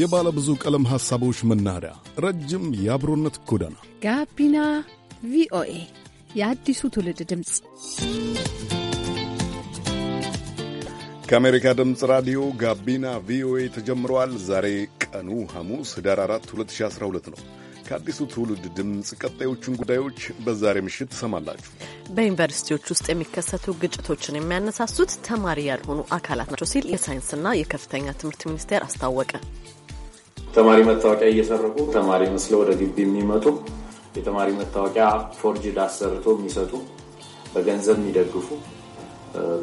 የባለ ብዙ ቀለም ሐሳቦች መናኸሪያ፣ ረጅም የአብሮነት ጎዳና ጋቢና ቪኦኤ የአዲሱ ትውልድ ድምፅ ከአሜሪካ ድምፅ ራዲዮ ጋቢና ቪኦኤ ተጀምረዋል። ዛሬ ቀኑ ሐሙስ ህዳር 4 2012 ነው። ከአዲሱ ትውልድ ድምፅ ቀጣዮቹን ጉዳዮች በዛሬ ምሽት ትሰማላችሁ። በዩኒቨርሲቲዎች ውስጥ የሚከሰቱ ግጭቶችን የሚያነሳሱት ተማሪ ያልሆኑ አካላት ናቸው ሲል የሳይንስና የከፍተኛ ትምህርት ሚኒስቴር አስታወቀ። ተማሪ መታወቂያ እየሰረቁ ተማሪ መስለው ወደ ግቢ የሚመጡ የተማሪ መታወቂያ ፎርጅ ዳሰርቶ የሚሰጡ በገንዘብ የሚደግፉ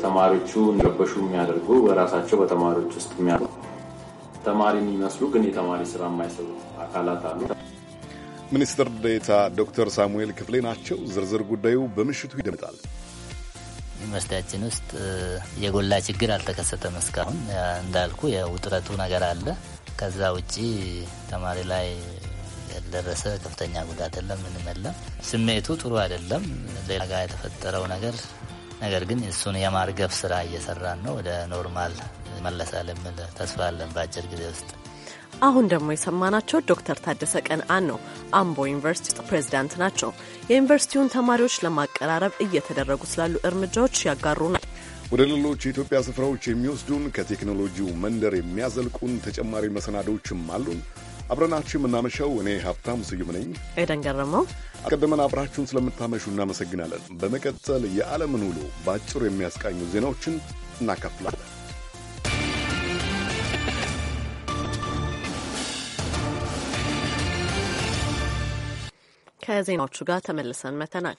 ተማሪዎቹ እንደበሹ የሚያደርጉ በራሳቸው በተማሪዎች ውስጥ የሚያ ተማሪ የሚመስሉ ግን የተማሪ ስራ የማይሰሩ አካላት አሉ። ሚኒስትር ዴታ ዶክተር ሳሙኤል ክፍሌ ናቸው። ዝርዝር ጉዳዩ በምሽቱ ይደምጣል ዩኒቨርሲቲያችን ውስጥ የጎላ ችግር አልተከሰተም እስካሁን። እንዳልኩ የውጥረቱ ነገር አለ። ከዛ ውጪ ተማሪ ላይ ያልደረሰ ከፍተኛ ጉዳት የለም፣ ምንም የለም። ስሜቱ ጥሩ አይደለም ሌላ ጋር የተፈጠረው ነገር። ነገር ግን እሱን የማርገፍ ስራ እየሰራን ነው። ወደ ኖርማል መለሳል የሚል ተስፋ አለን በአጭር ጊዜ ውስጥ። አሁን ደግሞ የሰማናቸው ዶክተር ታደሰ ቀንአን ነው። አምቦ ዩኒቨርሲቲ ፕሬዚዳንት ናቸው። የዩኒቨርሲቲውን ተማሪዎች ለማቀራረብ እየተደረጉ ስላሉ እርምጃዎች ያጋሩናል። ወደ ሌሎች የኢትዮጵያ ስፍራዎች የሚወስዱን ከቴክኖሎጂው መንደር የሚያዘልቁን ተጨማሪ መሰናዶዎችም አሉን። አብረናችሁ የምናመሸው እኔ ሀብታሙ ስዩም ነኝ። ኤደን ገረመው። አስቀድመን አብራችሁን ስለምታመሹ እናመሰግናለን። በመቀጠል የዓለምን ውሎ በአጭሩ የሚያስቃኙ ዜናዎችን እናካፍላለን። ከዜናዎቹ ጋር ተመልሰን መተናል።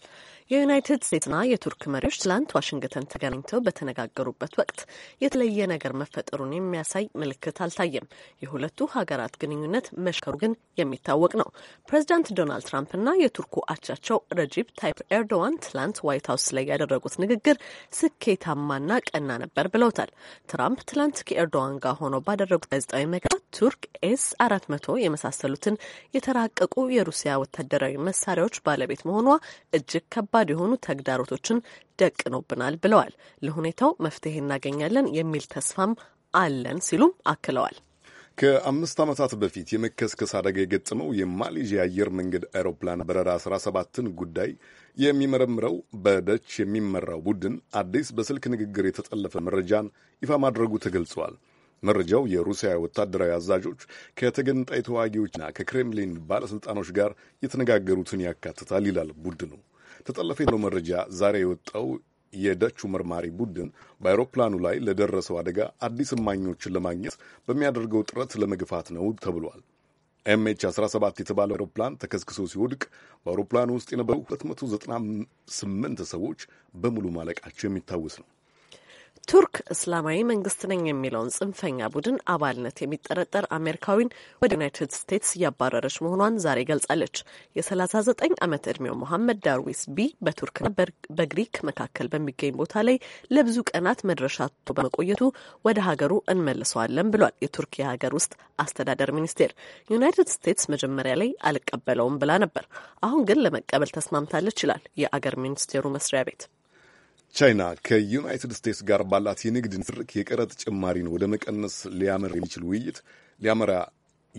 የዩናይትድ ስቴትስና የቱርክ መሪዎች ትላንት ዋሽንግተን ተገናኝተው በተነጋገሩበት ወቅት የተለየ ነገር መፈጠሩን የሚያሳይ ምልክት አልታየም። የሁለቱ ሀገራት ግንኙነት መሽከሩ ግን የሚታወቅ ነው። ፕሬዚዳንት ዶናልድ ትራምፕና የቱርኩ አቻቸው ረጂብ ታይፕ ኤርዶዋን ትላንት ዋይት ሀውስ ላይ ያደረጉት ንግግር ስኬታማና ቀና ነበር ብለውታል። ትራምፕ ትላንት ከኤርዶዋን ጋር ሆነው ባደረጉት ጋዜጣዊ መግለጫ ቱርክ ኤስ አራት መቶ የመሳሰሉትን የተራቀቁ የሩሲያ ወታደራዊ መስ መሳሪያዎች ባለቤት መሆኗ እጅግ ከባድ የሆኑ ተግዳሮቶችን ደቅኖብናል ብለዋል። ለሁኔታው መፍትሄ እናገኛለን የሚል ተስፋም አለን ሲሉም አክለዋል። ከአምስት ዓመታት በፊት የመከስከስ አደጋ የገጠመው የማሌዥያ አየር መንገድ አውሮፕላን በረራ 1 ን ጉዳይ የሚመረምረው በደች የሚመራው ቡድን አዲስ በስልክ ንግግር የተጠለፈ መረጃን ይፋ ማድረጉ ተገልጿል። መረጃው የሩሲያ ወታደራዊ አዛዦች ከተገንጣይ ተዋጊዎችና ከክሬምሊን ባለሥልጣኖች ጋር የተነጋገሩትን ያካትታል ይላል ቡድኑ። ተጠለፈ የተለው መረጃ ዛሬ የወጣው የደቹ መርማሪ ቡድን በአውሮፕላኑ ላይ ለደረሰው አደጋ አዲስ እማኞችን ለማግኘት በሚያደርገው ጥረት ለመግፋት ነው ተብሏል። ኤምኤች 17 የተባለው አውሮፕላን ተከስክሶ ሲወድቅ በአውሮፕላኑ ውስጥ የነበሩ 298 ሰዎች በሙሉ ማለቃቸው የሚታወስ ነው። ቱርክ እስላማዊ መንግስት ነኝ የሚለውን ጽንፈኛ ቡድን አባልነት የሚጠረጠር አሜሪካዊን ወደ ዩናይትድ ስቴትስ እያባረረች መሆኗን ዛሬ ገልጻለች። የ39 ዓመት ዕድሜው መሐመድ ዳርዊስ ቢ በቱርክና በግሪክ መካከል በሚገኝ ቦታ ላይ ለብዙ ቀናት መድረሻቶ በመቆየቱ ወደ ሀገሩ እንመልሰዋለን ብሏል የቱርክ የሀገር ውስጥ አስተዳደር ሚኒስቴር። ዩናይትድ ስቴትስ መጀመሪያ ላይ አልቀበለውም ብላ ነበር። አሁን ግን ለመቀበል ተስማምታለች ይላል የአገር ሚኒስቴሩ መስሪያ ቤት። ቻይና ከዩናይትድ ስቴትስ ጋር ባላት የንግድ ንትርክ የቀረጥ ጭማሪን ወደ መቀነስ ሊያመራ የሚችል ውይይት ሊያመራ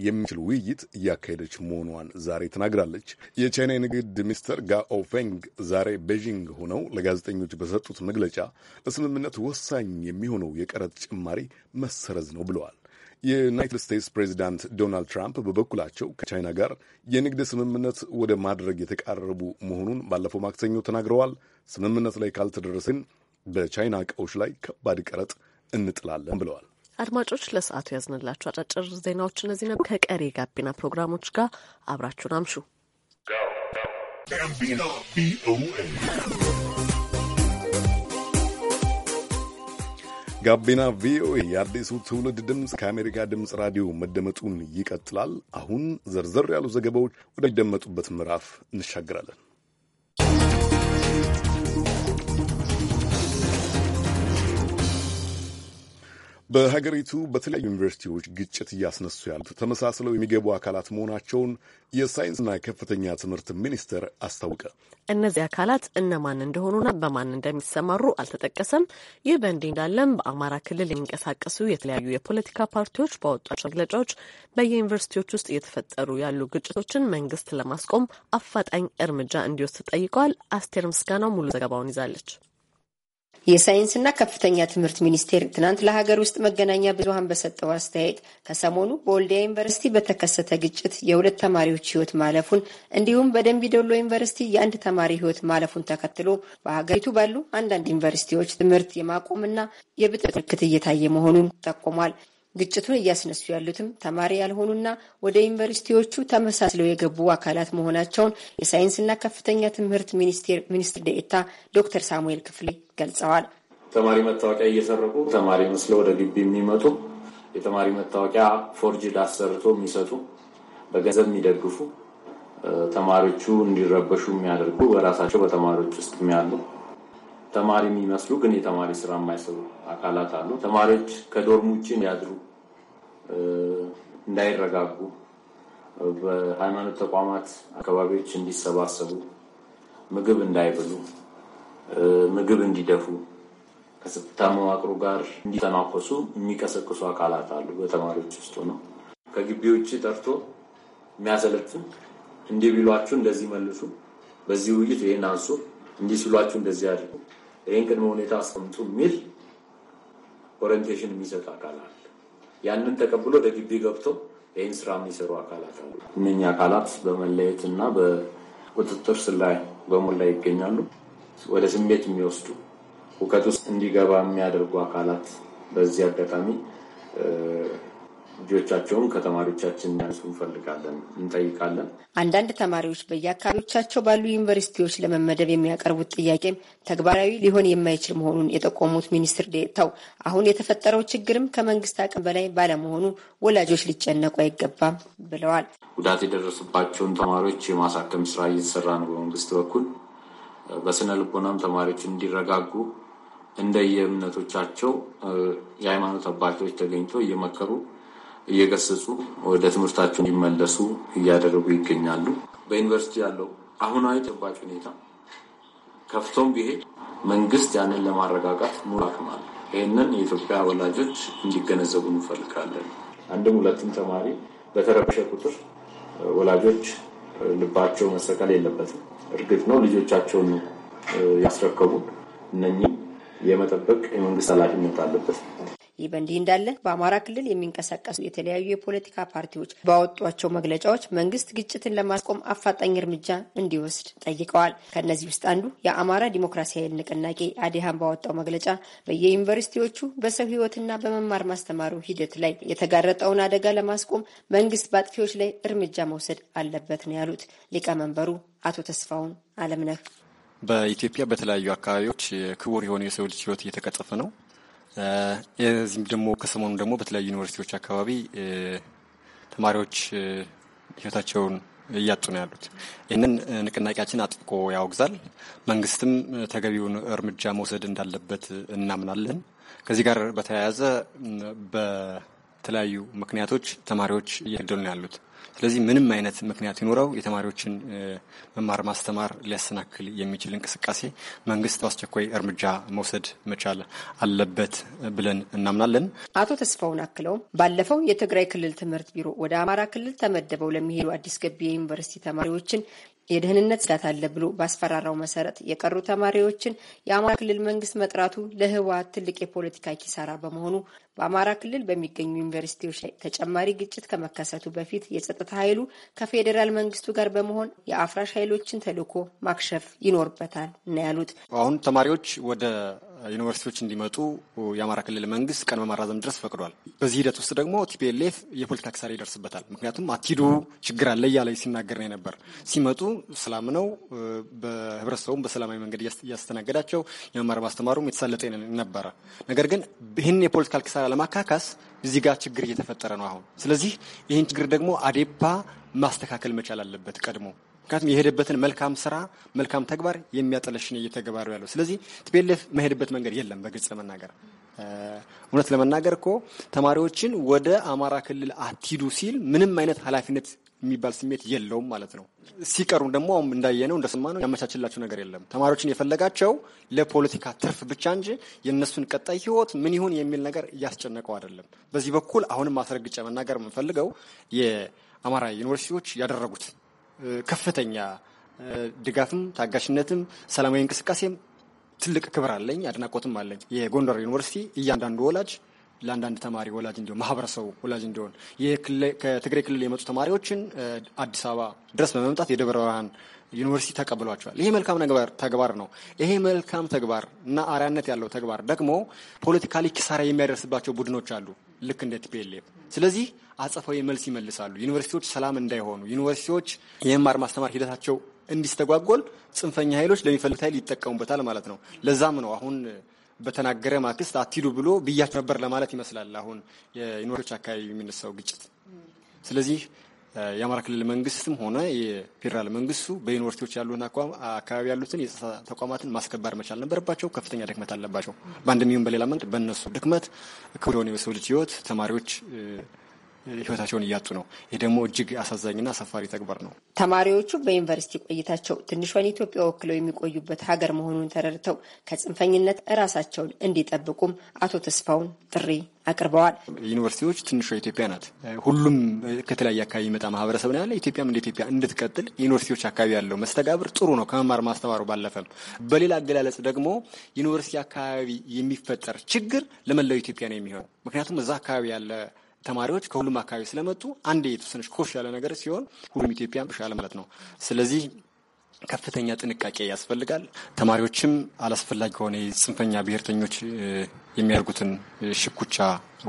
የሚችል ውይይት እያካሄደች መሆኗን ዛሬ ተናግራለች። የቻይና የንግድ ሚኒስትር ጋኦ ፌንግ ዛሬ ቤዥንግ ሆነው ለጋዜጠኞች በሰጡት መግለጫ ለስምምነት ወሳኝ የሚሆነው የቀረጥ ጭማሪ መሰረዝ ነው ብለዋል። የዩናይትድ ስቴትስ ፕሬዚዳንት ዶናልድ ትራምፕ በበኩላቸው ከቻይና ጋር የንግድ ስምምነት ወደ ማድረግ የተቃረቡ መሆኑን ባለፈው ማክሰኞ ተናግረዋል። ስምምነት ላይ ካልተደረስን በቻይና እቃዎች ላይ ከባድ ቀረጥ እንጥላለን ብለዋል። አድማጮች ለሰዓቱ ያዝንላችሁ አጫጭር ዜናዎች እነዚህ ነበር። ከቀሪ የጋቢና ፕሮግራሞች ጋር አብራችሁን አምሹ። ጋቢና ቪኦኤ የአዲሱ ትውልድ ድምፅ ከአሜሪካ ድምፅ ራዲዮ መደመጡን ይቀጥላል። አሁን ዘርዘር ያሉ ዘገባዎች ወደሚደመጡበት ምዕራፍ እንሻገራለን። በሀገሪቱ በተለያዩ ዩኒቨርሲቲዎች ግጭት እያስነሱ ያሉት ተመሳስለው የሚገቡ አካላት መሆናቸውን የሳይንስና ከፍተኛ ትምህርት ሚኒስቴር አስታወቀ። እነዚህ አካላት እነማን እንደሆኑና በማን እንደሚሰማሩ አልተጠቀሰም። ይህ በእንዲህ እንዳለም በአማራ ክልል የሚንቀሳቀሱ የተለያዩ የፖለቲካ ፓርቲዎች ባወጧቸው መግለጫዎች በየዩኒቨርሲቲዎች ውስጥ እየተፈጠሩ ያሉ ግጭቶችን መንግስት ለማስቆም አፋጣኝ እርምጃ እንዲወስድ ጠይቀዋል። አስቴር ምስጋናው ሙሉ ዘገባውን ይዛለች። የሳይንስና ከፍተኛ ትምህርት ሚኒስቴር ትናንት ለሀገር ውስጥ መገናኛ ብዙሀን በሰጠው አስተያየት ከሰሞኑ በወልዲያ ዩኒቨርሲቲ በተከሰተ ግጭት የሁለት ተማሪዎች ህይወት ማለፉን እንዲሁም በደምቢ ዶሎ ዩኒቨርሲቲ የአንድ ተማሪ ህይወት ማለፉን ተከትሎ በሀገሪቱ ባሉ አንዳንድ ዩኒቨርሲቲዎች ትምህርት የማቆምና የብጥ ምልክት እየታየ መሆኑን ጠቁሟል። ግጭቱን እያስነሱ ያሉትም ተማሪ ያልሆኑና ወደ ዩኒቨርሲቲዎቹ ተመሳስለው የገቡ አካላት መሆናቸውን የሳይንስና ከፍተኛ ትምህርት ሚኒስቴር ሚኒስትር ዴኤታ ዶክተር ሳሙኤል ክፍሌ ገልጸዋል። ተማሪ መታወቂያ እየሰረቁ ተማሪ መስለው ወደ ግቢ የሚመጡ የተማሪ መታወቂያ ፎርጅ ዳሰርቶ የሚሰጡ በገንዘብ የሚደግፉ ተማሪዎቹ እንዲረበሹ የሚያደርጉ በራሳቸው በተማሪዎች ውስጥ የሚያሉ ተማሪ የሚመስሉ ግን የተማሪ ስራ የማይሰሩ አካላት አሉ። ተማሪዎች ከዶርም ውጭ እንዲያድሩ እንዳይረጋጉ፣ በሃይማኖት ተቋማት አካባቢዎች እንዲሰባሰቡ፣ ምግብ እንዳይብሉ ምግብ እንዲደፉ፣ ከጸጥታ መዋቅሩ ጋር እንዲተናኮሱ የሚቀሰቅሱ አካላት አሉ። በተማሪዎች ውስጥ ነው ከግቢ ውጭ ጠርቶ የሚያሰለጥን እንዲህ ቢሏችሁ እንደዚህ መልሱ፣ በዚህ ውይይት ይህን አንሱ፣ እንዲህ ሲሏችሁ እንደዚህ አድርጉ ይህን ቅድመ ሁኔታ አስቀምጡ የሚል ኦሪንቴሽን የሚሰጥ አካላት ያንን ተቀብሎ ወደ ግቢ ገብቶ ይህን ስራ የሚሰሩ አካላት አሉ። እነኝ አካላት በመለየት እና በቁጥጥር ስር ላይ በሞላ ላይ ይገኛሉ። ወደ ስሜት የሚወስዱ እውቀት ውስጥ እንዲገባ የሚያደርጉ አካላት በዚህ አጋጣሚ ልጆቻቸውን ከተማሪዎቻችን ያንሱ እንፈልጋለን፣ እንጠይቃለን። አንዳንድ ተማሪዎች በየአካባቢዎቻቸው ባሉ ዩኒቨርሲቲዎች ለመመደብ የሚያቀርቡት ጥያቄም ተግባራዊ ሊሆን የማይችል መሆኑን የጠቆሙት ሚኒስትር ዴኤታው አሁን የተፈጠረው ችግርም ከመንግስት አቅም በላይ ባለመሆኑ ወላጆች ሊጨነቁ አይገባም ብለዋል። ጉዳት የደረሰባቸውን ተማሪዎች የማሳከም ስራ እየተሰራ ነው በመንግስት በኩል። በስነ ልቦናም ተማሪዎች እንዲረጋጉ እንደየእምነቶቻቸው የሃይማኖት አባቶች ተገኝቶ እየመከሩ እየገሰጹ ወደ ትምህርታቸው እንዲመለሱ እያደረጉ ይገኛሉ። በዩኒቨርሲቲ ያለው አሁናዊ ተጨባጭ ሁኔታ ከፍቶም ቢሄድ መንግስት ያንን ለማረጋጋት ሙሉ አቅም አለ። ይህንን የኢትዮጵያ ወላጆች እንዲገነዘቡ እንፈልጋለን። አንድም ሁለትም ተማሪ በተረበሸ ቁጥር ወላጆች ልባቸው መሰቀል የለበትም። እርግጥ ነው ልጆቻቸውን ያስረከቡ እነኚህ የመጠበቅ የመንግስት ኃላፊነት አለበት። ይህ በእንዲህ እንዳለ በአማራ ክልል የሚንቀሳቀሱ የተለያዩ የፖለቲካ ፓርቲዎች ባወጧቸው መግለጫዎች መንግስት ግጭትን ለማስቆም አፋጣኝ እርምጃ እንዲወስድ ጠይቀዋል። ከእነዚህ ውስጥ አንዱ የአማራ ዲሞክራሲያዊ ንቅናቄ አዲሃን ባወጣው መግለጫ በየዩኒቨርሲቲዎቹ በሰው ህይወትና በመማር ማስተማሩ ሂደት ላይ የተጋረጠውን አደጋ ለማስቆም መንግስት በአጥፊዎች ላይ እርምጃ መውሰድ አለበት ነው ያሉት ሊቀመንበሩ አቶ ተስፋውን አለምነህ። በኢትዮጵያ በተለያዩ አካባቢዎች ክቡር የሆነ የሰው ልጅ ህይወት እየተቀጠፈ ነው። የዚህም ደግሞ ከሰሞኑ ደግሞ በተለያዩ ዩኒቨርሲቲዎች አካባቢ ተማሪዎች ህይወታቸውን እያጡ ነው ያሉት። ይህንን ንቅናቄያችን አጥብቆ ያወግዛል። መንግስትም ተገቢውን እርምጃ መውሰድ እንዳለበት እናምናለን። ከዚህ ጋር በተያያዘ በተለያዩ ምክንያቶች ተማሪዎች እየገደሉ ነው ያሉት። ስለዚህ ምንም አይነት ምክንያት ይኖረው የተማሪዎችን መማር ማስተማር ሊያሰናክል የሚችል እንቅስቃሴ መንግስት በአስቸኳይ እርምጃ መውሰድ መቻል አለበት ብለን እናምናለን። አቶ ተስፋውን አክለውም ባለፈው የትግራይ ክልል ትምህርት ቢሮ ወደ አማራ ክልል ተመደበው ለሚሄዱ አዲስ ገቢ የዩኒቨርሲቲ ተማሪዎችን የደህንነት ስጋት አለ ብሎ ባስፈራራው መሰረት የቀሩ ተማሪዎችን የአማራ ክልል መንግስት መጥራቱ ለህወሀት ትልቅ የፖለቲካ ኪሳራ በመሆኑ በአማራ ክልል በሚገኙ ዩኒቨርሲቲዎች ላይ ተጨማሪ ግጭት ከመከሰቱ በፊት የጸጥታ ኃይሉ ከፌዴራል መንግስቱ ጋር በመሆን የአፍራሽ ኃይሎችን ተልዕኮ ማክሸፍ ይኖርበታል ነው ያሉት። አሁን ተማሪዎች ወደ ዩኒቨርሲቲዎች እንዲመጡ የአማራ ክልል መንግስት ቀን በማራዘም ድረስ ፈቅዷል። በዚህ ሂደት ውስጥ ደግሞ ቲፒኤልኤፍ የፖለቲካ ክሳሪ ይደርስበታል። ምክንያቱም አትሂዱ ችግር አለ እያለ ሲናገር ነው የነበር። ሲመጡ ሰላም ነው፣ በህብረተሰቡም በሰላማዊ መንገድ እያስተናገዳቸው የመማር ማስተማሩም የተሳለጠ ነበረ። ነገር ግን ይህን የፖለቲካል ክሳሪ ለማካካስ እዚህ ጋር ችግር እየተፈጠረ ነው አሁን። ስለዚህ ይህን ችግር ደግሞ አዴፓ ማስተካከል መቻል አለበት ቀድሞ ምክንያቱም የሄደበትን መልካም ስራ መልካም ተግባር የሚያጠለሽን እየተገባሩ ያለው ስለዚህ ትቤልፍ መሄድበት መንገድ የለም። በግልጽ ለመናገር እውነት ለመናገር እኮ ተማሪዎችን ወደ አማራ ክልል አትሂዱ ሲል ምንም አይነት ኃላፊነት የሚባል ስሜት የለውም ማለት ነው። ሲቀሩ ደግሞ አሁን እንዳየነው እንደሰማነው ያመቻችላቸው ነገር የለም። ተማሪዎችን የፈለጋቸው ለፖለቲካ ትርፍ ብቻ እንጂ የእነሱን ቀጣይ ህይወት ምን ይሁን የሚል ነገር እያስጨነቀው አይደለም። በዚህ በኩል አሁንም ማስረግጫ መናገር የምንፈልገው የአማራ ዩኒቨርሲቲዎች ያደረጉት ከፍተኛ ድጋፍም ታጋሽነትም ሰላማዊ እንቅስቃሴም ትልቅ ክብር አለኝ፣ አድናቆትም አለኝ። የጎንደር ዩኒቨርሲቲ እያንዳንዱ ወላጅ ለአንዳንድ ተማሪ ወላጅ እንዲሆን ማህበረሰቡ ወላጅ እንዲሆን ከትግራይ ክልል የመጡ ተማሪዎችን አዲስ አበባ ድረስ በመምጣት የደብረ ብርሃን ዩኒቨርሲቲ ተቀብሏቸዋል። ይሄ መልካም ተግባር ነው። ይሄ መልካም ተግባር እና አርያነት ያለው ተግባር ደግሞ ፖለቲካሊ ኪሳራ የሚያደርስባቸው ቡድኖች አሉ ልክ እንደ ቲፒኤልኤፍ። ስለዚህ አጸፋዊ መልስ ይመልሳሉ። ዩኒቨርሲቲዎች ሰላም እንዳይሆኑ፣ ዩኒቨርሲቲዎች የመማር ማስተማር ሂደታቸው እንዲስተጓጎል ጽንፈኛ ኃይሎች ለሚፈልጉት ኃይል ይጠቀሙበታል ማለት ነው። ለዛም ነው አሁን በተናገረ ማክስት አትሂዱ ብሎ ብያቸው ነበር ለማለት ይመስላል አሁን የዩኒቨርሲቲዎች አካባቢ የሚነሳው ግጭት። ስለዚህ የአማራ ክልል መንግስትም ሆነ የፌዴራል መንግስቱ በዩኒቨርሲቲዎች ያሉትን አካባቢ ያሉትን የጸጥታ ተቋማትን ማስከበር መቻል ነበረባቸው። ከፍተኛ ድክመት አለባቸው። በአንድ ሚሆን በሌላ መንገድ በእነሱ ድክመት ከወዲሆነ የሰው ልጅ ህይወት ተማሪዎች ህይወታቸውን እያጡ ነው። ይህ ደግሞ እጅግ አሳዛኝና አሳፋሪ ተግባር ነው። ተማሪዎቹ በዩኒቨርሲቲ ቆይታቸው ትንሿን ኢትዮጵያ ወክለው የሚቆዩበት ሀገር መሆኑን ተረድተው ከጽንፈኝነት እራሳቸውን እንዲጠብቁም አቶ ተስፋውን ጥሪ አቅርበዋል። ዩኒቨርሲቲዎች ትንሿ ኢትዮጵያ ናት። ሁሉም ከተለያየ አካባቢ የሚመጣ ማህበረሰብ ነው ያለ። ኢትዮጵያም እንደ ኢትዮጵያ እንድትቀጥል ዩኒቨርሲቲዎች አካባቢ ያለው መስተጋብር ጥሩ ነው፣ ከመማር ማስተማሩ ባለፈም። በሌላ አገላለጽ ደግሞ ዩኒቨርሲቲ አካባቢ የሚፈጠር ችግር ለመላው ኢትዮጵያ ነው የሚሆነው። ምክንያቱም እዛ አካባቢ ያለ ተማሪዎች ከሁሉም አካባቢ ስለመጡ አንድ የተወሰነች ኮሽ ያለ ነገር ሲሆን ሁሉም ኢትዮጵያ ሻለ ማለት ነው። ስለዚህ ከፍተኛ ጥንቃቄ ያስፈልጋል። ተማሪዎችም አላስፈላጊ ከሆነ የጽንፈኛ ብሔርተኞች የሚያደርጉትን ሽኩቻ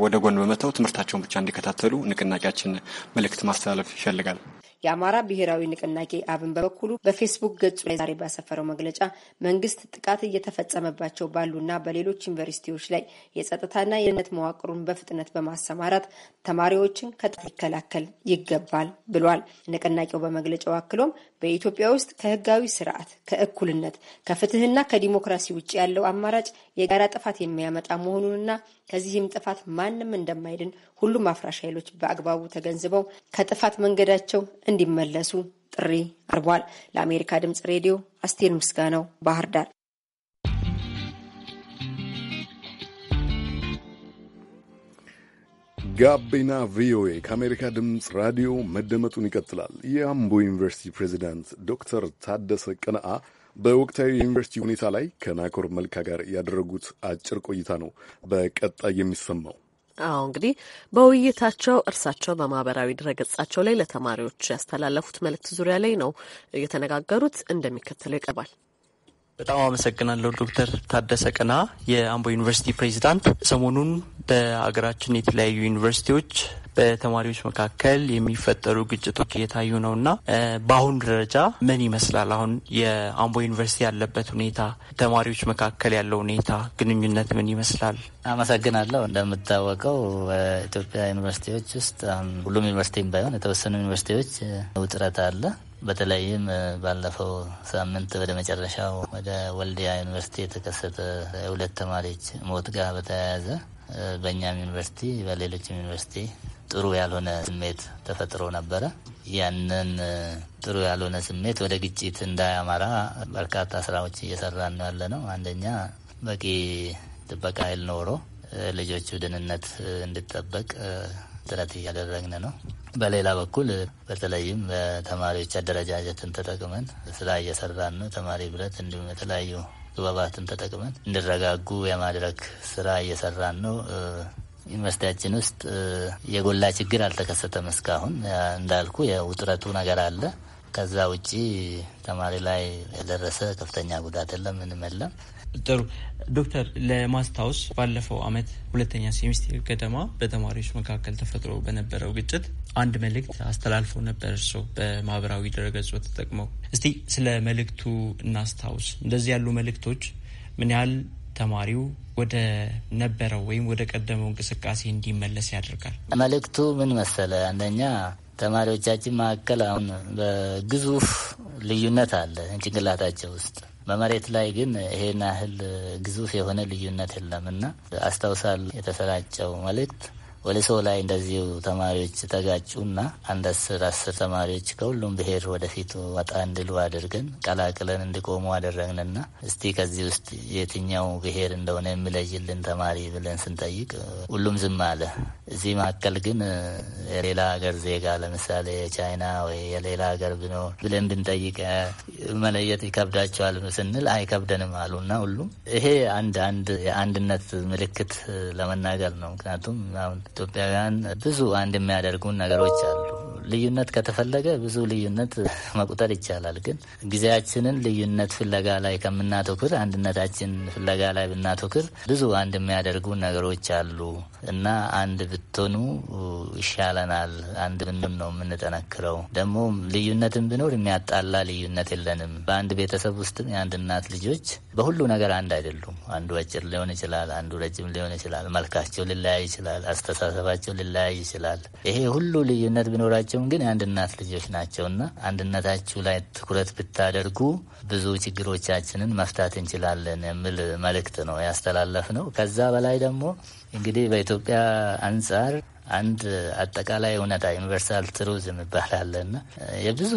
ወደ ጎን በመተው ትምህርታቸውን ብቻ እንዲከታተሉ ንቅናቄያችን መልእክት ማስተላለፍ ይፈልጋል። የአማራ ብሔራዊ ንቅናቄ አብን በበኩሉ በፌስቡክ ገጹ ላይ ዛሬ ባሰፈረው መግለጫ መንግስት ጥቃት እየተፈጸመባቸው ባሉና በሌሎች ዩኒቨርሲቲዎች ላይ የጸጥታና የደህንነት መዋቅሩን በፍጥነት በማሰማራት ተማሪዎችን ከጥቃት ሊከላከል ይገባል ብሏል። ንቅናቄው በመግለጫው አክሎም በኢትዮጵያ ውስጥ ከህጋዊ ስርዓት፣ ከእኩልነት፣ ከፍትህና ከዲሞክራሲ ውጭ ያለው አማራጭ የጋራ ጥፋት የሚያመጣ መሆኑንና ከዚህም ጥፋት ማንም እንደማይድን ሁሉም አፍራሽ ኃይሎች በአግባቡ ተገንዝበው ከጥፋት መንገዳቸው እንዲመለሱ ጥሪ አቅርቧል። ለአሜሪካ ድምጽ ሬዲዮ አስቴር ምስጋናው ባህር ዳር። ጋቢና ቪኦኤ ከአሜሪካ ድምፅ ራዲዮ መደመጡን ይቀጥላል። የአምቦ ዩኒቨርሲቲ ፕሬዚዳንት ዶክተር ታደሰ ቀነአ በወቅታዊ የዩኒቨርሲቲ ሁኔታ ላይ ከናኮር መልካ ጋር ያደረጉት አጭር ቆይታ ነው በቀጣይ የሚሰማው። አዎ እንግዲህ በውይይታቸው እርሳቸው በማህበራዊ ድረገጻቸው ላይ ለተማሪዎች ያስተላለፉት መልእክት ዙሪያ ላይ ነው የተነጋገሩት። እንደሚከተለው ይቀርባል። በጣም አመሰግናለሁ ዶክተር ታደሰ ቀና የአምቦ ዩኒቨርሲቲ ፕሬዚዳንት። ሰሞኑን በሀገራችን የተለያዩ ዩኒቨርሲቲዎች በተማሪዎች መካከል የሚፈጠሩ ግጭቶች እየታዩ ነው እና በአሁኑ ደረጃ ምን ይመስላል? አሁን የአምቦ ዩኒቨርሲቲ ያለበት ሁኔታ፣ ተማሪዎች መካከል ያለው ሁኔታ ግንኙነት ምን ይመስላል? አመሰግናለሁ። እንደምታወቀው በኢትዮጵያ ዩኒቨርሲቲዎች ውስጥ ሁሉም ዩኒቨርሲቲም ባይሆን የተወሰኑ ዩኒቨርሲቲዎች ውጥረት አለ። በተለይም ባለፈው ሳምንት ወደ መጨረሻው ወደ ወልዲያ ዩኒቨርሲቲ የተከሰተ የሁለት ተማሪዎች ሞት ጋር በተያያዘ በእኛም ዩኒቨርሲቲ በሌሎችም ዩኒቨርሲቲ ጥሩ ያልሆነ ስሜት ተፈጥሮ ነበረ። ያንን ጥሩ ያልሆነ ስሜት ወደ ግጭት እንዳያማራ በርካታ ስራዎች እየሰራ ነው ያለ ነው። አንደኛ በቂ ጥበቃ ኃይል ኖሮ ልጆቹ ደህንነት እንዲጠበቅ ጥረት እያደረግን ነው። በሌላ በኩል በተለይም በተማሪዎች አደረጃጀትን ተጠቅመን ስራ እየሰራን ነው። ተማሪ ብረት እንዲሁም የተለያዩ ግባባትን ተጠቅመን እንዲረጋጉ የማድረግ ስራ እየሰራን ነው። ዩኒቨርሲቲያችን ውስጥ የጎላ ችግር አልተከሰተም እስካሁን። እንዳልኩ የውጥረቱ ነገር አለ። ከዛ ውጪ ተማሪ ላይ የደረሰ ከፍተኛ ጉዳት የለም፣ ምንም የለም። ጥሩ ዶክተር ለማስታወስ ባለፈው አመት ሁለተኛ ሴሚስቴር ገደማ በተማሪዎች መካከል ተፈጥሮ በነበረው ግጭት አንድ መልእክት አስተላልፈው ነበር እርስዎ በማህበራዊ ድረገጾ ተጠቅመው። እስቲ ስለ መልእክቱ እናስታውስ። እንደዚህ ያሉ መልእክቶች ምን ያህል ተማሪው ወደ ነበረው ወይም ወደ ቀደመው እንቅስቃሴ እንዲመለስ ያደርጋል? መልእክቱ ምን መሰለ? አንደኛ ተማሪዎቻችን መካከል አሁን በግዙፍ ልዩነት አለ ጭንቅላታቸው ውስጥ በመሬት ላይ ግን ይሄን ያህል ግዙፍ የሆነ ልዩነት የለምና አስታውሳል የተሰራጨው መልእክት ሰው ላይ እንደዚሁ ተማሪዎች ተጋጩና አንድ አስር አስር ተማሪዎች ከሁሉም ብሔር ወደፊት ወጣ እንድሉ አድርገን ቀላቅለን እንዲቆሙ አደረግንና እስቲ ከዚህ ውስጥ የትኛው ብሄር እንደሆነ የሚለይልን ተማሪ ብለን ስንጠይቅ ሁሉም ዝም አለ። እዚህ መካከል ግን የሌላ ሀገር ዜጋ ለምሳሌ የቻይና ወይ የሌላ ሀገር ብኖር ብለን ብንጠይቅ መለየት ይከብዳቸዋል ስንል አይከብደንም አሉና ሁሉም ይሄ አንድ አንድ የአንድነት ምልክት ለመናገር ነው። ምክንያቱም አሁን ኢትዮጵያውያን ብዙ አንድ የሚያደርጉን ነገሮች አሉ። ልዩነት ከተፈለገ ብዙ ልዩነት መቁጠር ይቻላል። ግን ጊዜያችንን ልዩነት ፍለጋ ላይ ከምናተኩር አንድነታችን ፍለጋ ላይ ብናተኩር ብዙ አንድ የሚያደርጉ ነገሮች አሉ እና አንድ ብትሆኑ ይሻለናል። አንድ ብንም ነው የምንጠነክረው። ደግሞ ልዩነትን ብኖር የሚያጣላ ልዩነት የለንም። በአንድ ቤተሰብ ውስጥም የአንድ እናት ልጆች በሁሉ ነገር አንድ አይደሉም። አንዱ አጭር ሊሆን ይችላል፣ አንዱ ረጅም ሊሆን ይችላል። መልካቸው ሊለያይ ይችላል፣ አስተሳሰባቸው ሊለያይ ይችላል። ይሄ ሁሉ ልዩነት ቢኖራቸው ሁላቸውም ግን የአንድ እናት ልጆች ናቸው እና አንድነታችሁ ላይ ትኩረት ብታደርጉ ብዙ ችግሮቻችንን መፍታት እንችላለን የሚል መልእክት ነው ያስተላለፍ ነው። ከዛ በላይ ደግሞ እንግዲህ በኢትዮጵያ አንጻር አንድ አጠቃላይ እውነታ ዩኒቨርሳል ትሩዝ የሚባል አለና የብዙ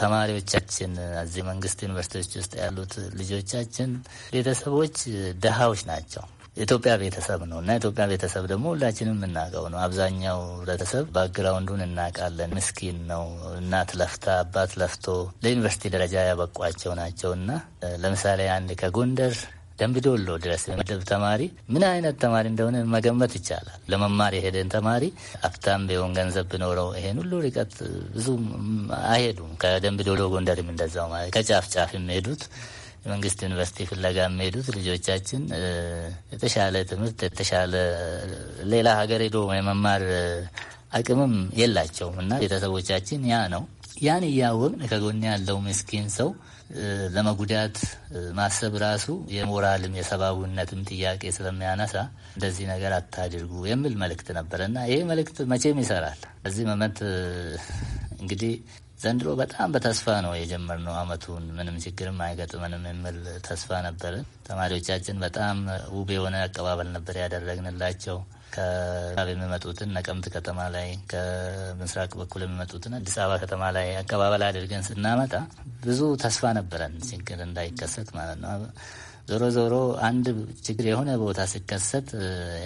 ተማሪዎቻችን እዚህ መንግስት ዩኒቨርሲቲዎች ውስጥ ያሉት ልጆቻችን ቤተሰቦች ደሃዎች ናቸው። የኢትዮጵያ ቤተሰብ ነው እና የኢትዮጵያ ቤተሰብ ደግሞ ሁላችንም የምናውቀው ነው። አብዛኛው ህብረተሰብ ባክግራውንዱን እናውቃለን። ምስኪን ነው። እናት ለፍታ አባት ለፍቶ ለዩኒቨርሲቲ ደረጃ ያበቋቸው ናቸው እና ለምሳሌ አንድ ከጎንደር ደምቢ ዶሎ ድረስ የምድብ ተማሪ ምን አይነት ተማሪ እንደሆነ መገመት ይቻላል። ለመማር የሄደን ተማሪ ሀብታም ቢሆን ገንዘብ ቢኖረው ይሄን ሁሉ ርቀት ብዙ አይሄዱም። ከደምቢ ዶሎ ጎንደርም እንደዛው ከጫፍ ጫፍ የሚሄዱት የመንግስት ዩኒቨርሲቲ ፍለጋ የሚሄዱት ልጆቻችን የተሻለ ትምህርት የተሻለ ሌላ ሀገር ሄዶ የመማር አቅምም የላቸውም እና ቤተሰቦቻችን ያ ነው ያን እያወቅን ከጎን ያለው ምስኪን ሰው ለመጉዳት ማሰብ ራሱ የሞራልም የሰብአዊነትም ጥያቄ ስለሚያነሳ እንደዚህ ነገር አታድርጉ የሚል መልእክት ነበረ እና ይሄ መልእክት መቼም ይሰራል። በዚህ መመት እንግዲህ ዘንድሮ በጣም በተስፋ ነው የጀመርነው አመቱን። ምንም ችግርም አይገጥመንም የሚል ተስፋ ነበረን። ተማሪዎቻችን በጣም ውብ የሆነ አቀባበል ነበር ያደረግንላቸው። ከባብ የሚመጡትን ነቀምት ከተማ ላይ፣ ከምስራቅ በኩል የሚመጡትን አዲስ አበባ ከተማ ላይ አቀባበል አድርገን ስናመጣ ብዙ ተስፋ ነበረን ችግር እንዳይከሰት ማለት ነው። ዞሮ ዞሮ አንድ ችግር የሆነ ቦታ ሲከሰት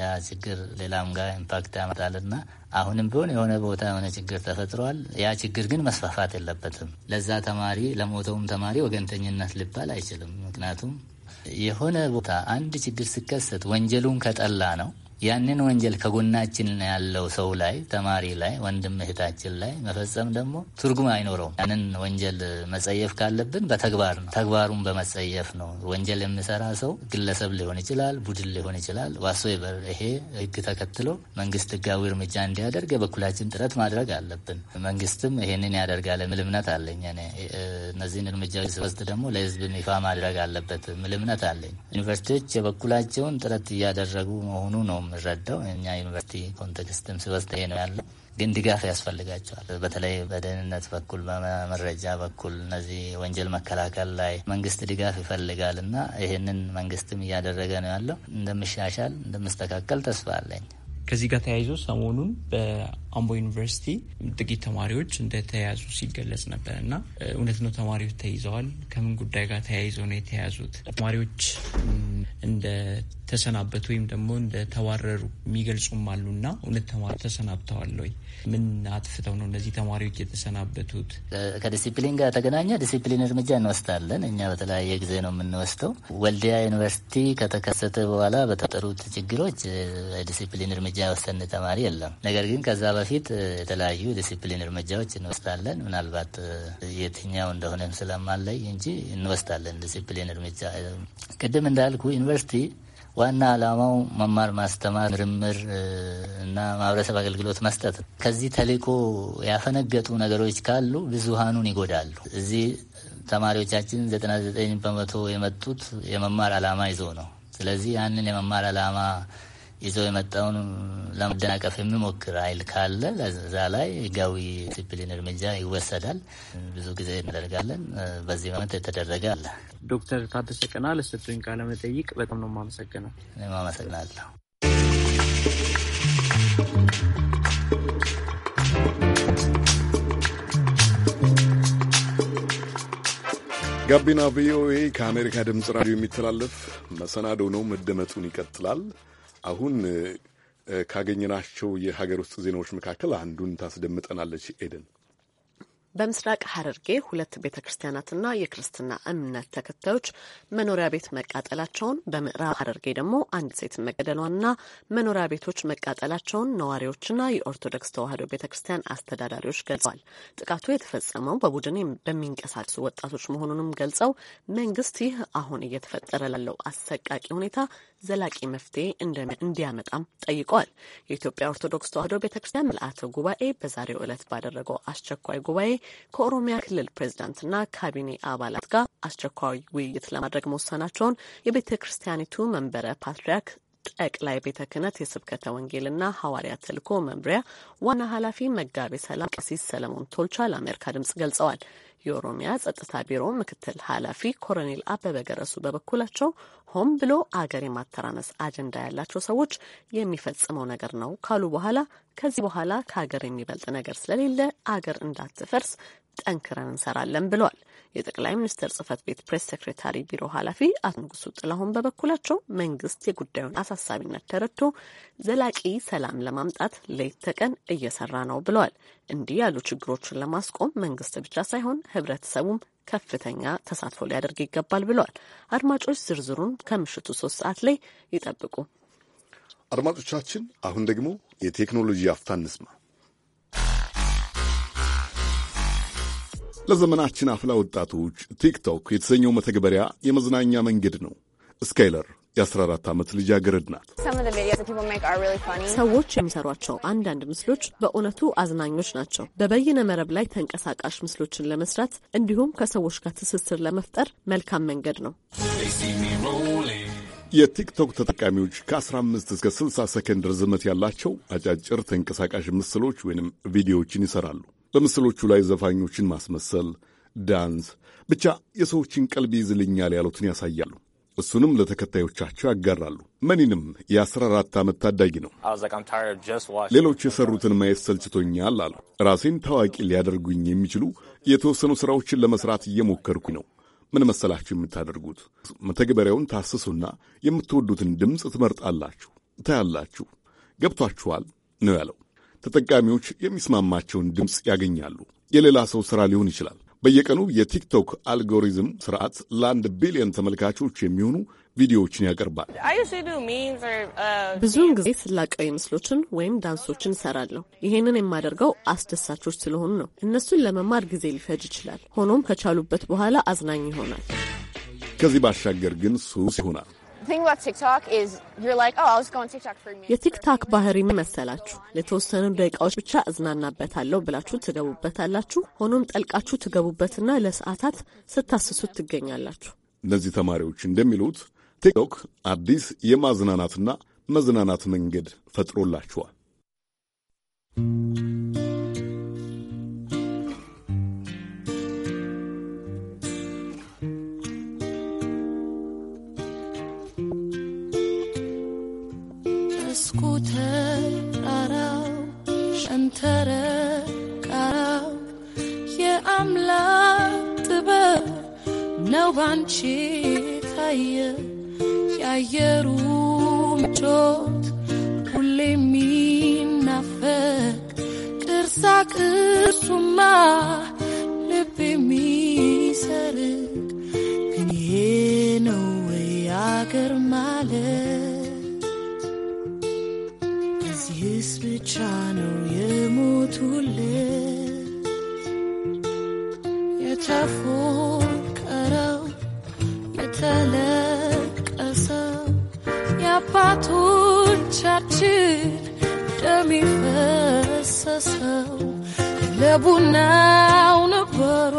ያ ችግር ሌላም ጋር ኢምፓክት ያመጣልና አሁንም ቢሆን የሆነ ቦታ የሆነ ችግር ተፈጥሯል። ያ ችግር ግን መስፋፋት የለበትም። ለዛ ተማሪ ለሞተውም ተማሪ ወገንተኝነት ሊባል አይችልም። ምክንያቱም የሆነ ቦታ አንድ ችግር ሲከሰት ወንጀሉን ከጠላ ነው ያንን ወንጀል ከጎናችን ያለው ሰው ላይ ተማሪ ላይ ወንድም እህታችን ላይ መፈጸም ደግሞ ትርጉም አይኖረውም። ያንን ወንጀል መጸየፍ ካለብን በተግባር ነው፣ ተግባሩን በመጸየፍ ነው። ወንጀል የሚሰራ ሰው ግለሰብ ሊሆን ይችላል፣ ቡድን ሊሆን ይችላል። ዋሶ ይሄ ህግ ተከትሎ መንግስት ህጋዊ እርምጃ እንዲያደርግ የበኩላችን ጥረት ማድረግ አለብን። መንግስትም ይሄንን ያደርጋል የሚል እምነት አለኝ። እነዚህን እርምጃ ስወስድ ደግሞ ለህዝብ ይፋ ማድረግ አለበት የሚል እምነት አለኝ። ዩኒቨርሲቲዎች የበኩላቸውን ጥረት እያደረጉ መሆኑ ነው የምንረዳው እኛ ዩኒቨርሲቲ ኮንቴክስትም ስወስድ ይሄ ነው ያለው። ግን ድጋፍ ያስፈልጋቸዋል። በተለይ በደህንነት በኩል በመረጃ በኩል እነዚህ ወንጀል መከላከል ላይ መንግስት ድጋፍ ይፈልጋል እና ይህንን መንግስትም እያደረገ ነው ያለው። እንደምሻሻል እንደምስተካከል ተስፋ አለኝ። ከዚህ ጋር ተያይዞ ሰሞኑን በአምቦ ዩኒቨርሲቲ ጥቂት ተማሪዎች እንደተያዙ ሲገለጽ ነበር እና እውነት ነው ተማሪዎች ተይዘዋል። ከምን ጉዳይ ጋር ተያይዘው ነው የተያዙት? ተማሪዎች እንደተሰናበቱ ወይም ደግሞ እንደተባረሩ የሚገልጹም አሉ እና እውነት ተማሪ ተሰናብተዋል ወይ? ምን አጥፍተው ነው እነዚህ ተማሪዎች የተሰናበቱት? ከዲሲፕሊን ጋር ተገናኘ ዲሲፕሊን እርምጃ እንወስዳለን። እኛ በተለያየ ጊዜ ነው የምንወስደው። ወልዲያ ዩኒቨርሲቲ ከተከሰተ በኋላ በተጠሩት ችግሮች ዲሲፕሊን እርምጃ የወሰን ተማሪ የለም። ነገር ግን ከዛ በፊት የተለያዩ ዲሲፕሊን እርምጃዎች እንወስዳለን። ምናልባት የትኛው እንደሆነም ስለማለይ እንጂ እንወስዳለን ዲሲፕሊን እርምጃ። ቅድም እንዳልኩ ዩኒቨርሲቲ ዋና ዓላማው መማር ማስተማር፣ ምርምር እና ማህበረሰብ አገልግሎት መስጠት ከዚህ ተልዕኮ ያፈነገጡ ነገሮች ካሉ ብዙሃኑን ይጎዳሉ። እዚህ ተማሪዎቻችን ዘጠኝ በመቶ የመጡት የመማር ዓላማ ይዞ ነው። ስለዚህ ያንን የመማር ዓላማ ይዘው የመጣውን ለመደናቀፍ የሚሞክር ኃይል ካለ ዛ ላይ ህጋዊ ዲስፕሊን እርምጃ ይወሰዳል። ብዙ ጊዜ እናደርጋለን። በዚህ መመት የተደረገ አለ። ዶክተር ታደሰ ቀና ለሰጡኝ ቃለ መጠይቅ በጣም ነው የማመሰግነው። እኔም አመሰግናለሁ። ጋቢና ቪኦኤ ከአሜሪካ ድምፅ ራዲዮ የሚተላለፍ መሰናዶ ነው፣ መደመጡን ይቀጥላል። አሁን ካገኘናቸው የሀገር ውስጥ ዜናዎች መካከል አንዱን ታስደምጠናለች ኤደን። በምስራቅ ሐረርጌ ሁለት ቤተ ክርስቲያናትና የክርስትና እምነት ተከታዮች መኖሪያ ቤት መቃጠላቸውን በምዕራብ ሐረርጌ ደግሞ አንድ ሴት መገደሏንና መኖሪያ ቤቶች መቃጠላቸውን ነዋሪዎችና የኦርቶዶክስ ተዋሕዶ ቤተ ክርስቲያን አስተዳዳሪዎች ገልጸዋል። ጥቃቱ የተፈጸመው በቡድን በሚንቀሳቀሱ ወጣቶች መሆኑንም ገልጸው መንግስት ይህ አሁን እየተፈጠረ ላለው አሰቃቂ ሁኔታ ዘላቂ መፍትሄ እንዲያመጣም ጠይቀዋል። የኢትዮጵያ ኦርቶዶክስ ተዋሕዶ ቤተ ክርስቲያን ምልአተ ጉባኤ በዛሬው ዕለት ባደረገው አስቸኳይ ጉባኤ ከኦሮሚያ ክልል ፕሬዚዳንትና ካቢኔ አባላት ጋር አስቸኳይ ውይይት ለማድረግ መወሰናቸውን የቤተ ክርስቲያኒቱ መንበረ ፓትርያርክ ጠቅላይ ቤተ ክህነት የስብከተ ወንጌልና ሐዋርያ ተልእኮ መምሪያ ዋና ኃላፊ መጋቤ ሰላም ቀሲስ ሰለሞን ቶልቻ ለአሜሪካ ድምጽ ገልጸዋል። የኦሮሚያ ጸጥታ ቢሮ ምክትል ኃላፊ ኮሎኔል አበበ ገረሱ በበኩላቸው ሆም ብሎ አገር የማተራመስ አጀንዳ ያላቸው ሰዎች የሚፈጽመው ነገር ነው ካሉ በኋላ ከዚህ በኋላ ከሀገር የሚበልጥ ነገር ስለሌለ አገር እንዳትፈርስ ጠንክረን እንሰራለን ብለዋል። የጠቅላይ ሚኒስትር ጽህፈት ቤት ፕሬስ ሴክሬታሪ ቢሮ ኃላፊ አቶ ንጉሱ ጥላሁን በበኩላቸው መንግስት የጉዳዩን አሳሳቢነት ተረድቶ ዘላቂ ሰላም ለማምጣት ሌት ተቀን እየሰራ ነው ብለዋል። እንዲህ ያሉ ችግሮችን ለማስቆም መንግስት ብቻ ሳይሆን ህብረተሰቡም ከፍተኛ ተሳትፎ ሊያደርግ ይገባል ብለዋል። አድማጮች ዝርዝሩን ከምሽቱ ሶስት ሰዓት ላይ ይጠብቁ። አድማጮቻችን አሁን ደግሞ የቴክኖሎጂ እንስማ። ለዘመናችን አፍላ ወጣቶች ቲክቶክ የተሰኘው መተግበሪያ የመዝናኛ መንገድ ነው። ስካይለር የ14 ዓመት ልጃገረድ ናት። ሰዎች የሚሰሯቸው አንዳንድ ምስሎች በእውነቱ አዝናኞች ናቸው። በበይነ መረብ ላይ ተንቀሳቃሽ ምስሎችን ለመስራት እንዲሁም ከሰዎች ጋር ትስስር ለመፍጠር መልካም መንገድ ነው። የቲክቶክ ተጠቃሚዎች ከ15 እስከ 60 ሰከንድ ርዝመት ያላቸው አጫጭር ተንቀሳቃሽ ምስሎች ወይንም ቪዲዮዎችን ይሰራሉ። በምስሎቹ ላይ ዘፋኞችን ማስመሰል፣ ዳንስ፣ ብቻ የሰዎችን ቀልብ ይዝልኛል ያሉትን ያሳያሉ። እሱንም ለተከታዮቻቸው ያጋራሉ። መኒንም የ14 ዓመት ታዳጊ ነው። ሌሎች የሠሩትን ማየት ሰልችቶኛል አሉ። ራሴን ታዋቂ ሊያደርጉኝ የሚችሉ የተወሰኑ ሥራዎችን ለመሥራት እየሞከርኩ ነው። ምን መሰላችሁ የምታደርጉት? መተግበሪያውን ታስሱና የምትወዱትን ድምፅ ትመርጣላችሁ፣ ታያላችሁ። ገብቷችኋል ነው ያለው። ተጠቃሚዎች የሚስማማቸውን ድምፅ ያገኛሉ። የሌላ ሰው ሥራ ሊሆን ይችላል። በየቀኑ የቲክቶክ አልጎሪዝም ስርዓት ለአንድ ቢሊዮን ተመልካቾች የሚሆኑ ቪዲዮዎችን ያቀርባል። ብዙውን ጊዜ ስላቃዊ ምስሎችን ወይም ዳንሶችን እሰራለሁ። ይሄንን የማደርገው አስደሳቾች ስለሆኑ ነው። እነሱን ለመማር ጊዜ ሊፈጅ ይችላል። ሆኖም ከቻሉበት በኋላ አዝናኝ ይሆናል። ከዚህ ባሻገር ግን ሱስ ይሆናል። Oh, የቲክታክ ባህሪ መሰላችሁ ለተወሰኑ ደቂቃዎች ብቻ እዝናናበታለሁ ብላችሁ ትገቡበታላችሁ። ሆኖም ጠልቃችሁ ትገቡበትና ለሰዓታት ስታስሱት ትገኛላችሁ። እነዚህ ተማሪዎች እንደሚሉት ቲክቶክ አዲስ የማዝናናትና መዝናናት መንገድ ፈጥሮላችኋል። ተረቃራው የአምላክ ጥበብ ነው ባንቺ ታየ የአየሩ ምቾት ሁሌ የሚናፈቅ ቅርሳ ቅርሱማ ልብ የሚሰርቅ ግን ይሄ ነው ወይ አገር ማለት እዚህስ ብቻ ነው የሞቱለት የተፎቀረው የተለቀሰው የአባቶቻችን ደም የፈሰሰው ለቡናው ነበረ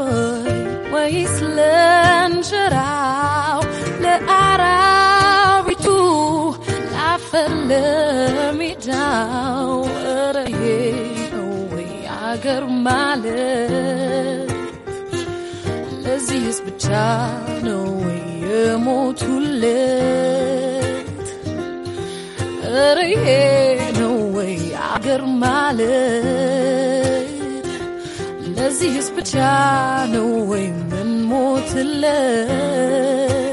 ወይስ ለእንጀራ? በለሜዳው እረሄ ወይ አገር ማለት ለዚህስ ብቻ ነው የሞቱለት? እረሄ ነው ወይ አገር ማለት ለዚህስ ብቻ ነው ወይ ምን ሞትለት?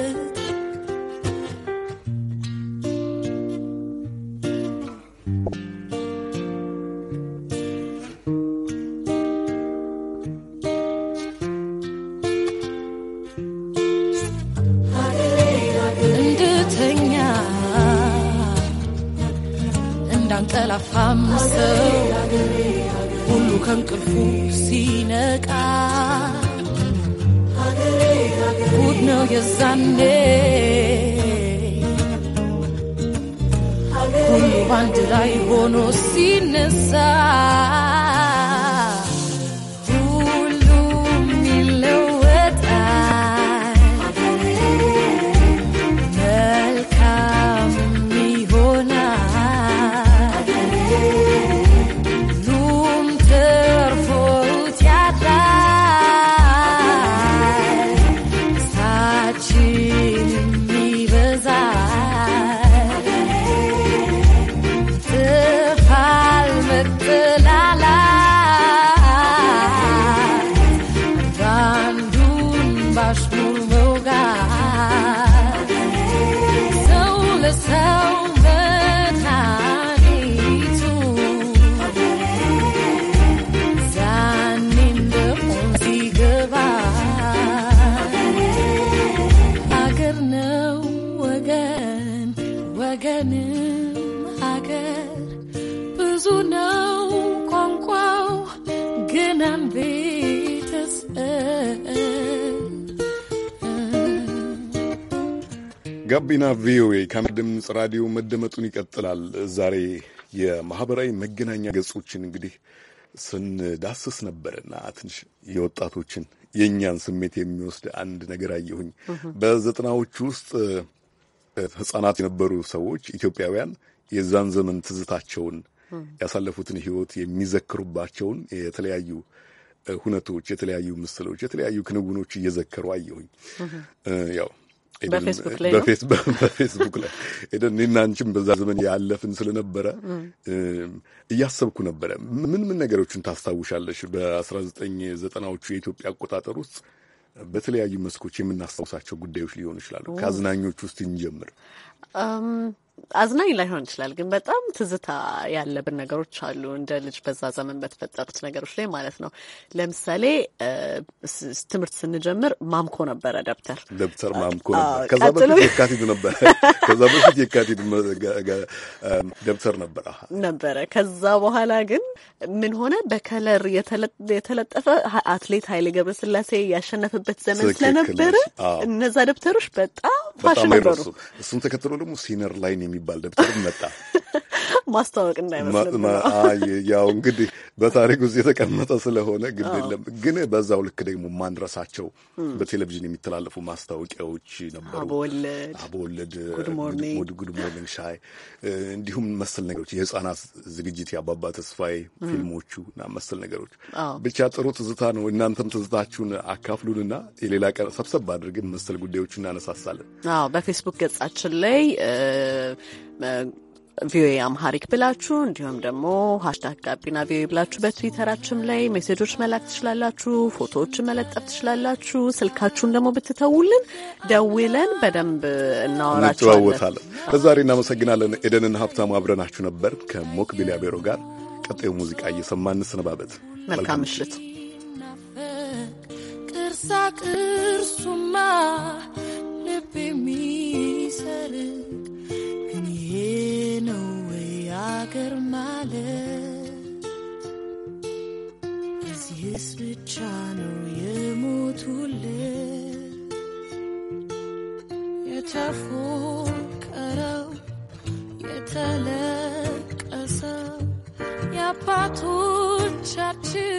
ጋቢና ቪኦኤ ከአሜሪካ ድምፅ ራዲዮ መደመጡን ይቀጥላል። ዛሬ የማህበራዊ መገናኛ ገጾችን እንግዲህ ስንዳስስ ነበርና ትንሽ የወጣቶችን የእኛን ስሜት የሚወስድ አንድ ነገር አየሁኝ። በዘጠናዎቹ ውስጥ ህጻናት የነበሩ ሰዎች ኢትዮጵያውያን የዛን ዘመን ትዝታቸውን ያሳለፉትን ህይወት የሚዘክሩባቸውን የተለያዩ ሁነቶች፣ የተለያዩ ምስሎች፣ የተለያዩ ክንውኖች እየዘከሩ አየሁኝ። ያው በፌስቡክ ላይ ሄደን እኔና አንቺም በዛ ዘመን ያለፍን ስለነበረ እያሰብኩ ነበረ። ምን ምን ነገሮችን ታስታውሻለሽ? በአስራ ዘጠኝ ዘጠናዎቹ የኢትዮጵያ አቆጣጠር ውስጥ በተለያዩ መስኮች የምናስታውሳቸው ጉዳዮች ሊሆኑ ይችላሉ። ከአዝናኞች ውስጥ እንጀምር። አዝናኝ ላይሆን ይችላል፣ ግን በጣም ትዝታ ያለብን ነገሮች አሉ እንደ ልጅ በዛ ዘመን በተፈጠሩት ነገሮች ላይ ማለት ነው። ለምሳሌ ትምህርት ስንጀምር ማምኮ ነበረ ደብተር ደብተር ማምኮ ነበር። ከዛ በፊት የካቲት ነበረ። ከዛ በፊት የካቲት ደብተር ነበረ ነበረ። ከዛ በኋላ ግን ምን ሆነ? በከለር የተለጠፈ አትሌት ኃይሌ ገብረስላሴ ያሸነፈበት ዘመን ስለነበረ እነዛ ደብተሮች በጣም ፋሽን ነበሩ። እሱን ተከትሎ ደግሞ ሲነር ላይን የሚባል ደብተር መጣ። ማስታወቅ እንዳይመስልብን ያው እንግዲህ በታሪክ ውስጥ የተቀመጠ ስለሆነ ግድ የለም። ግን በዛው ልክ ደግሞ ማንረሳቸው በቴሌቪዥን የሚተላለፉ ማስታወቂያዎች ነበሩ። አቦወለድ፣ ጉድ ሞርኒንግ ሻይ፣ እንዲሁም መሰል ነገሮች፣ የህፃናት ዝግጅት፣ የአባባ ተስፋዬ ፊልሞቹ እና መሰል ነገሮች ብቻ ጥሩ ትዝታ ነው። እናንተም ትዝታችሁን አካፍሉንና የሌላ ቀን ሰብሰብ አድርገን መሰል ጉዳዮች እናነሳሳለን። በፌስቡክ ገጻችን ላይ ቪኦኤ አምሃሪክ ብላችሁ እንዲሁም ደግሞ ሀሽታግ ጋቢና ቪኦኤ ብላችሁ በትዊተራችን ላይ ሜሴጆች መላክ ትችላላችሁ። ፎቶዎችን መለጠፍ ትችላላችሁ። ስልካችሁን ደግሞ ብትተውልን ደውለን በደንብ እናወራችኋለን። ለዛሬ እናመሰግናለን ኤደንን፣ ሀብታሙ አብረናችሁ ነበር ከሞክቢል ያቤሮ ጋር። ቀጣዩ ሙዚቃ እየሰማ እንሰነባበት። መልካም ምሽት። ቅርሳ ቅርሱማ ልብ የሚሰርቅ ማለት ብቻ ነው የሞቱለት የተፎቀረው የተለቀሰው የአባቶቻችን